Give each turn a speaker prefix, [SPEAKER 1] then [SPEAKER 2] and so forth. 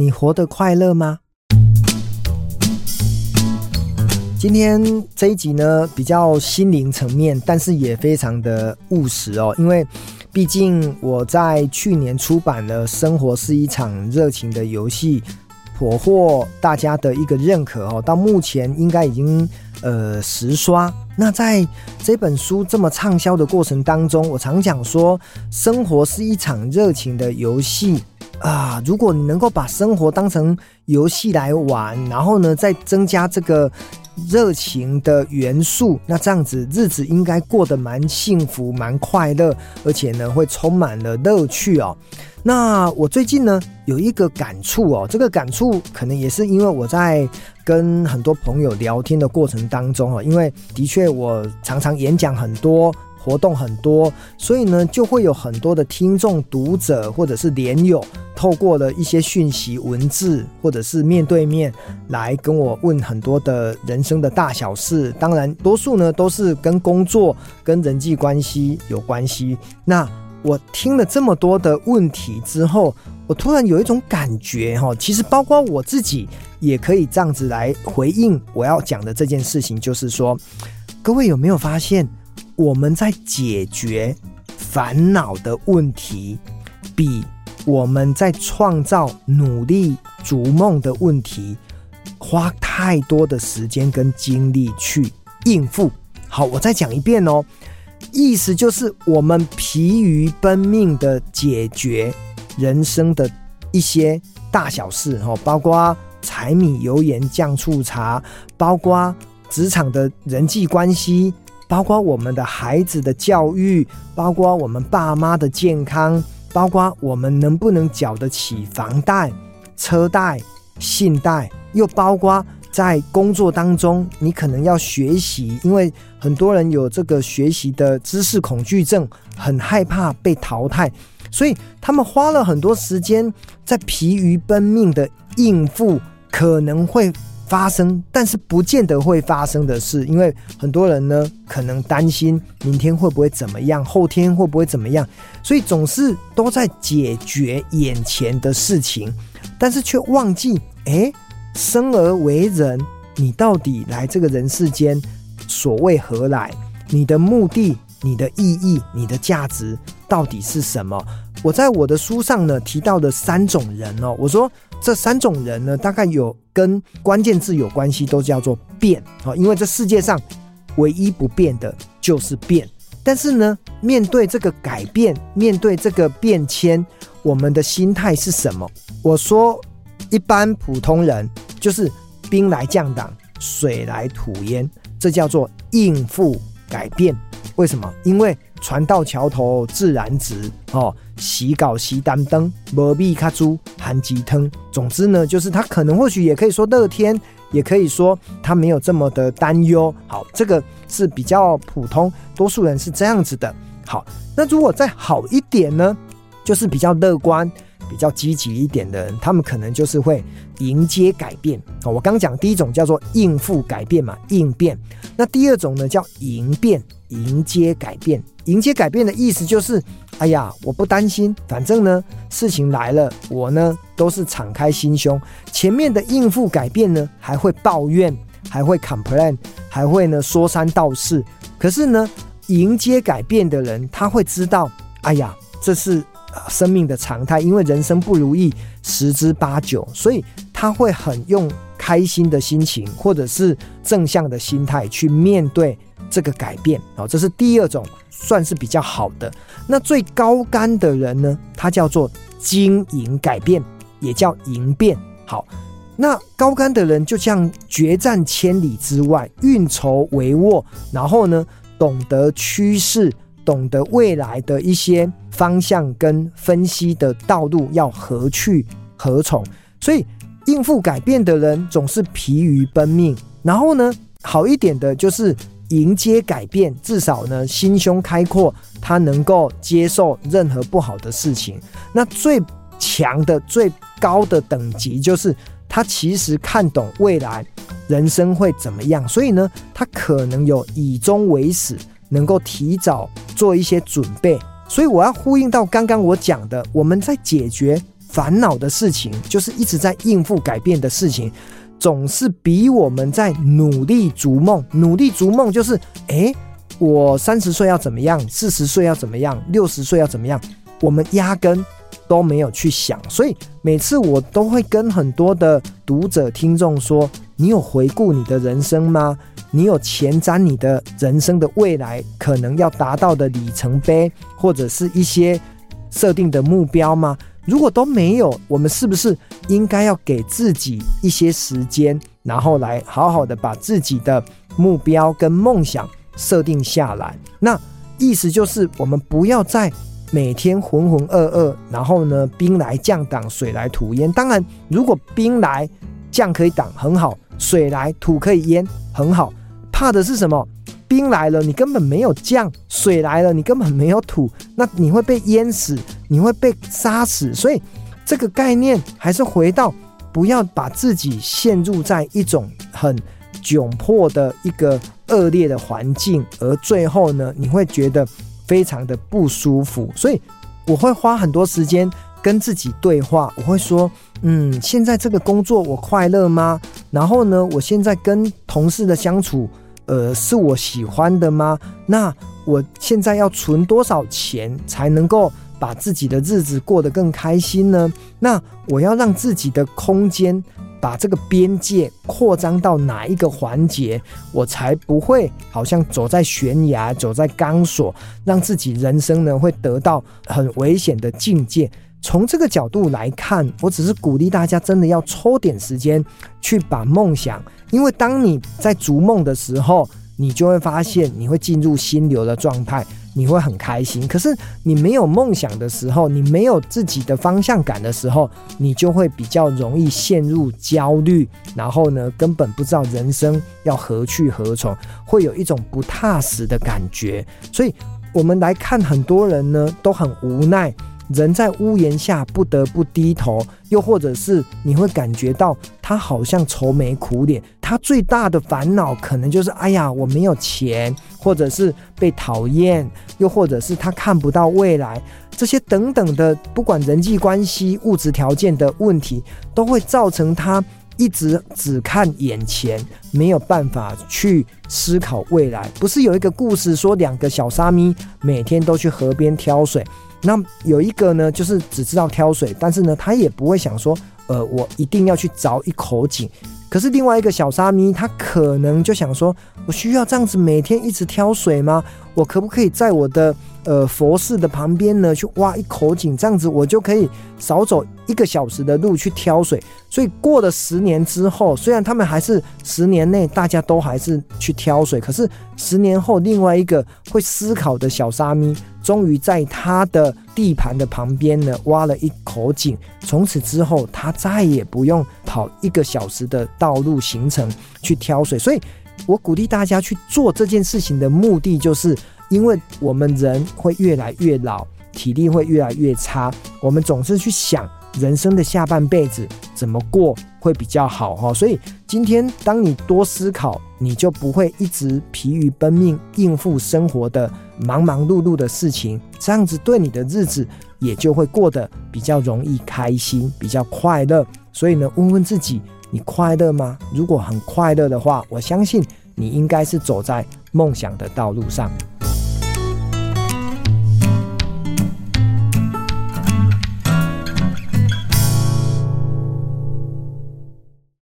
[SPEAKER 1] 你活得快樂嗎？今天這一集呢，比較心靈層面，但是也非常的務實哦。因為，畢竟我在去年出版了《生活是一場熱情的遊戲》，頗獲大家的一個認可哦。到目前應該已經呃十刷。那在這本書這麼暢銷的過程當中，我常講說，生活是一場熱情的遊戲。啊，如果你能夠把生活當成遊戲來玩，然後呢，再增加這個熱情的元素，那這樣子日子應該過得蠻幸福、蠻快樂，而且呢，會充滿了樂趣哦。那我最近呢，有一個感觸哦，這個感觸可能也是因為我在跟很多朋友聊天的過程當中啊、哦，因為的確我常常演講很多。活動很多，所以呢，就會有很多的聽眾、讀者或者是連友，透過了一些訊息、文字，或者是面對面來跟我問很多的人生的大小事。當然，多數呢都是跟工作、跟人際關係有關係。那我聽了這麼多的問題之後，我突然有一種感覺，哈，其實包括我自己，也可以這樣子來回應我要講的這件事情，就是說，各位有沒有發現？我們在解決煩惱的問題，比我們在創造努力逐夢的問題，花太多的時間跟精力去應付。好，我再講一遍哦，意思就是我們疲於奔命的解決人生的一些大小事哦，包括柴米油鹽醬醋茶，包括職場的人際關係。包括我們的孩子的教育，包括我們爸媽的健康，包括我們能不能繳得起房貸、車貸、信貸，又包括在工作當中，你可能要學習，因為很多人有這個學習的知識恐懼症，很害怕被淘汰，所以他們花了很多時間在疲於奔命的應付，可能會發生，但是不見得會發生的事，因為很多人呢，可能擔心明天會不會怎麼樣，後天會不會怎麼樣，所以總是都在解決眼前的事情，但是卻忘記，誒，生而為人，你到底來這個人世間，所為何來？你的目的、你的意義、你的價值，到底是什麼？我在我的書上呢，提到的三種人哦，我說這三種人呢，大概有跟關鍵字有關係，都叫做變哦。因為這世界上唯一不變的就是變。但是呢，面對這個改變，面對這個變遷，我們的心態是什麼？我說，一般普通人就是兵來將擋，水來土掩，這叫做應付改變。為什麼？因為船到橋頭自然直哦，洗稿洗單登，無必卡租含雞湯。總之呢，就是他可能或許也可以說樂天，也可以說他沒有這麼的擔憂。好，這個是比較普通，多數人是這樣子的。好，那如果再好一點呢，就是比較樂觀。比較積極一點的人，他們可能就是會迎接改變啊。我剛講第一種叫做應付改變嘛，應變。那第二種呢叫迎變，迎接改變。迎接改變的意思就是，哎呀，我不擔心，反正呢事情來了，我呢都是敞開心胸。前面的應付改變呢，還會抱怨，還會 complain，還會呢說三道四。可是呢，迎接改變的人，他會知道，哎呀，這是。啊、生命的常態，因為人生不如意十之八九，所以他會很用開心的心情，或者是正向的心態去面對這個改變。好、哦，這是第二種，算是比較好的。那最高竿的人呢，他叫做經營改變，也叫迎變。好，那高竿的人就像決戰千里之外，運籌帷幄，然後呢，懂得趨勢，懂得未來的一些。方向跟分析的道路要何去何從，所以應付改變的人總是疲於奔命。然後呢，好一點的就是迎接改變，至少呢心胸開闊，他能夠接受任何不好的事情。那最強的、最高的等級就是他其實看懂未來人生會怎麼樣，所以呢，他可能有以終為始，能夠提早做一些準備。所以我要呼應到剛剛我講的，我們在解決煩惱的事情，就是一直在應付改變的事情，總是比我們在努力逐夢，努力逐夢就是，誒，我三十歲要怎麼樣，四十歲要怎麼樣，六十歲要怎麼樣，我們壓根。都沒有去想，所以每次我都會跟很多的讀者聽眾說：“你有回顧你的人生嗎？你有前瞻你的人生的未來可能要達到的里程碑，或者是一些設定的目標嗎？”如果都沒有，我們是不是應該要給自己一些時間，然後來好好的把自己的目標跟夢想設定下來？那意思就是，我們不要再……每天渾渾噩噩，然後呢，兵來將擋，水來土掩。當然，如果兵來，將可以擋，很好；水來，土可以淹，很好。怕的是什麼？兵來了，你根本沒有將；水來了，你根本沒有土。那你會被淹死，你會被殺死。所以，這個概念還是回到：不要把自己陷入在一種很窘迫的一個惡劣的環境，而最後呢，你會覺得，非常的不舒服，所以我會花很多時間跟自己對話。我會說，嗯，現在這個工作我快樂嗎？然後呢，我現在跟同事的相處，呃，是我喜歡的嗎？那我現在要存多少錢才能夠把自己的日子過得更開心呢？那我要讓自己的空間。把這個邊界擴張到哪一個環節，我才不會好像走在懸崖、走在鋼索，讓自己人生呢會得到很危險的境界。從這個角度來看，我只是鼓勵大家真的要抽點時間去把夢想，因為當你在逐夢的時候，你就會發現你會進入心流的狀態。你會很開心，可是你沒有夢想的時候，你沒有自己的方向感的時候，你就會比較容易陷入焦慮，然後呢，根本不知道人生要何去何從，會有一種不踏實的感覺。所以，我們來看很多人呢都很無奈，人在屋檐下不得不低頭，又或者是你會感覺到他好像愁眉苦臉，他最大的煩惱可能就是：哎呀，我沒有錢。或者是被討厭，又或者是他看不到未來，這些等等的，不管人際關係、物質條件的問題，都會造成他一直只看眼前，沒有辦法去思考未來。不是有一個故事說，兩個小沙彌每天都去河邊挑水，那有一個呢，就是只知道挑水，但是呢，他也不會想說，呃，我一定要去找一口井，可是另外一個小沙彌，他可能就想說，我需要這樣子每天一直挑水嗎？我可不可以在我的？呃，佛寺的旁邊呢，去挖一口井，這樣子我就可以少走一個小時的路去挑水。所以過了十年之後，雖然他們還是十年內大家都還是去挑水，可是十年後，另外一個會思考的小沙彌，終於在他的地盤的旁邊呢，挖了一口井。從此之後，他再也不用跑一個小時的道路行程去挑水。所以我鼓勵大家去做這件事情的目的就是。因為我們人會越來越老，體力會越來越差，我們總是去想人生的下半輩子怎麼過會比較好哈。所以今天當你多思考，你就不會一直疲於奔命應付生活的忙忙碌碌的事情，這樣子對你的日子也就會過得比較容易開心，比較快樂。所以呢，問問自己，你快樂嗎？如果很快樂的話，我相信你應該是走在夢想的道路上。